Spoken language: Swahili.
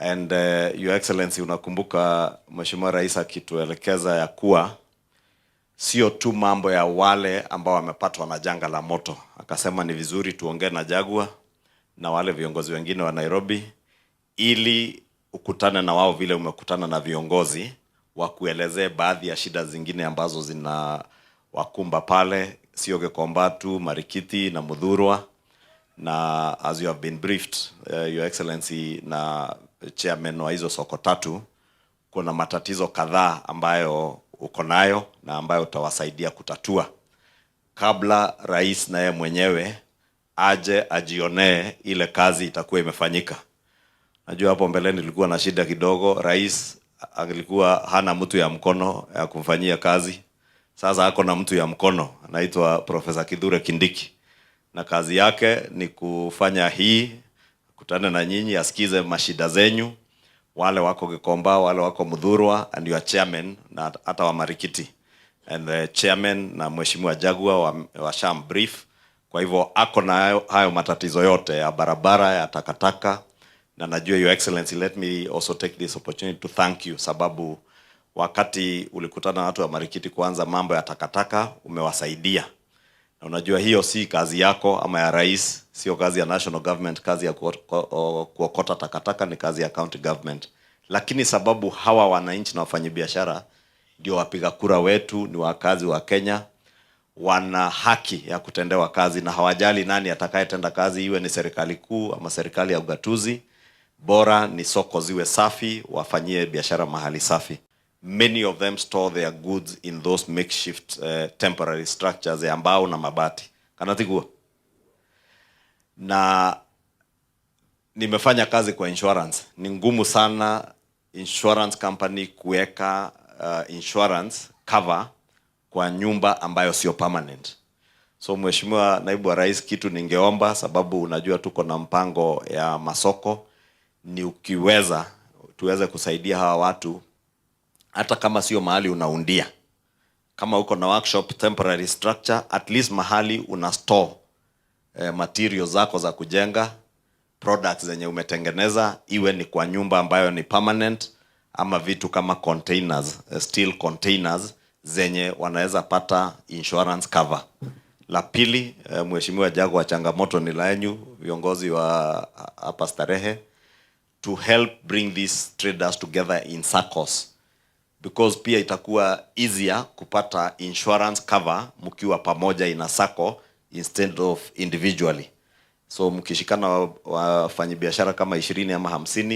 And uh, Your Excellency, unakumbuka Mheshimiwa Rais akituelekeza ya kuwa sio tu mambo ya wale ambao wamepatwa na janga la moto, akasema ni vizuri tuongee na jagwa na wale viongozi wengine wa Nairobi ili ukutane na wao vile umekutana na viongozi wakuelezee baadhi ya shida zingine ambazo zina wakumba pale gekomba tu Marikiti na Mudhurwa na as you have been briefed, uh, Your Excellency na chairman wa hizo soko tatu, kuna matatizo kadhaa ambayo uko nayo na ambayo utawasaidia kutatua kabla rais naye mwenyewe aje ajionee ile kazi itakuwa imefanyika. Najua hapo mbeleni ilikuwa na shida kidogo, rais alikuwa hana mtu ya mkono ya kumfanyia kazi. Sasa ako na mtu ya mkono anaitwa Profesa Kithure Kindiki, na kazi yake ni kufanya hii akutane na nyinyi, asikize mashida zenyu, wale wako Gikomba, wale wako Mudhurwa and your chairman na hata wa Marikiti and the chairman na mheshimiwa Jagua wa, wa sham brief. Kwa hivyo ako na hayo, hayo matatizo yote ya barabara ya takataka, na najua your excellency, let me also take this opportunity to thank you sababu wakati ulikutana na watu wa Marikiti kuanza mambo ya takataka umewasaidia na unajua hiyo si kazi yako ama ya rais, sio kazi ya national government. Kazi ya kuokota takataka ni kazi ya county government, lakini sababu hawa wananchi na wafanyabiashara ndio wapiga kura wetu, ni wakazi wa Kenya, wana haki ya kutendewa kazi na hawajali nani atakayetenda kazi, iwe ni serikali kuu ama serikali ya ugatuzi. Bora ni soko ziwe safi, wafanyie biashara mahali safi many of them store their goods in those makeshift uh, temporary structures ya mbao na mabati kanatigua. Na nimefanya kazi kwa insurance, ni ngumu sana insurance company kuweka uh, insurance cover kwa nyumba ambayo sio permanent. So Mheshimiwa Naibu wa Rais, kitu ningeomba, sababu unajua tuko na mpango ya masoko, ni ukiweza tuweze kusaidia hawa watu hata kama sio mahali unaundia, kama uko na workshop temporary structure, at least mahali una store eh, material zako za kujenga products zenye umetengeneza, iwe ni kwa nyumba ambayo ni permanent ama vitu kama containers, eh, steel containers zenye wanaweza pata insurance cover. La pili, eh, Mheshimiwa Jago, wa changamoto ni laenyu viongozi wa hapa Starehe to help bring these traders together in circles because pia itakuwa easier kupata insurance cover mkiwa pamoja ina sako instead of individually. So mkishikana wafanyabiashara kama ishirini ama hamsini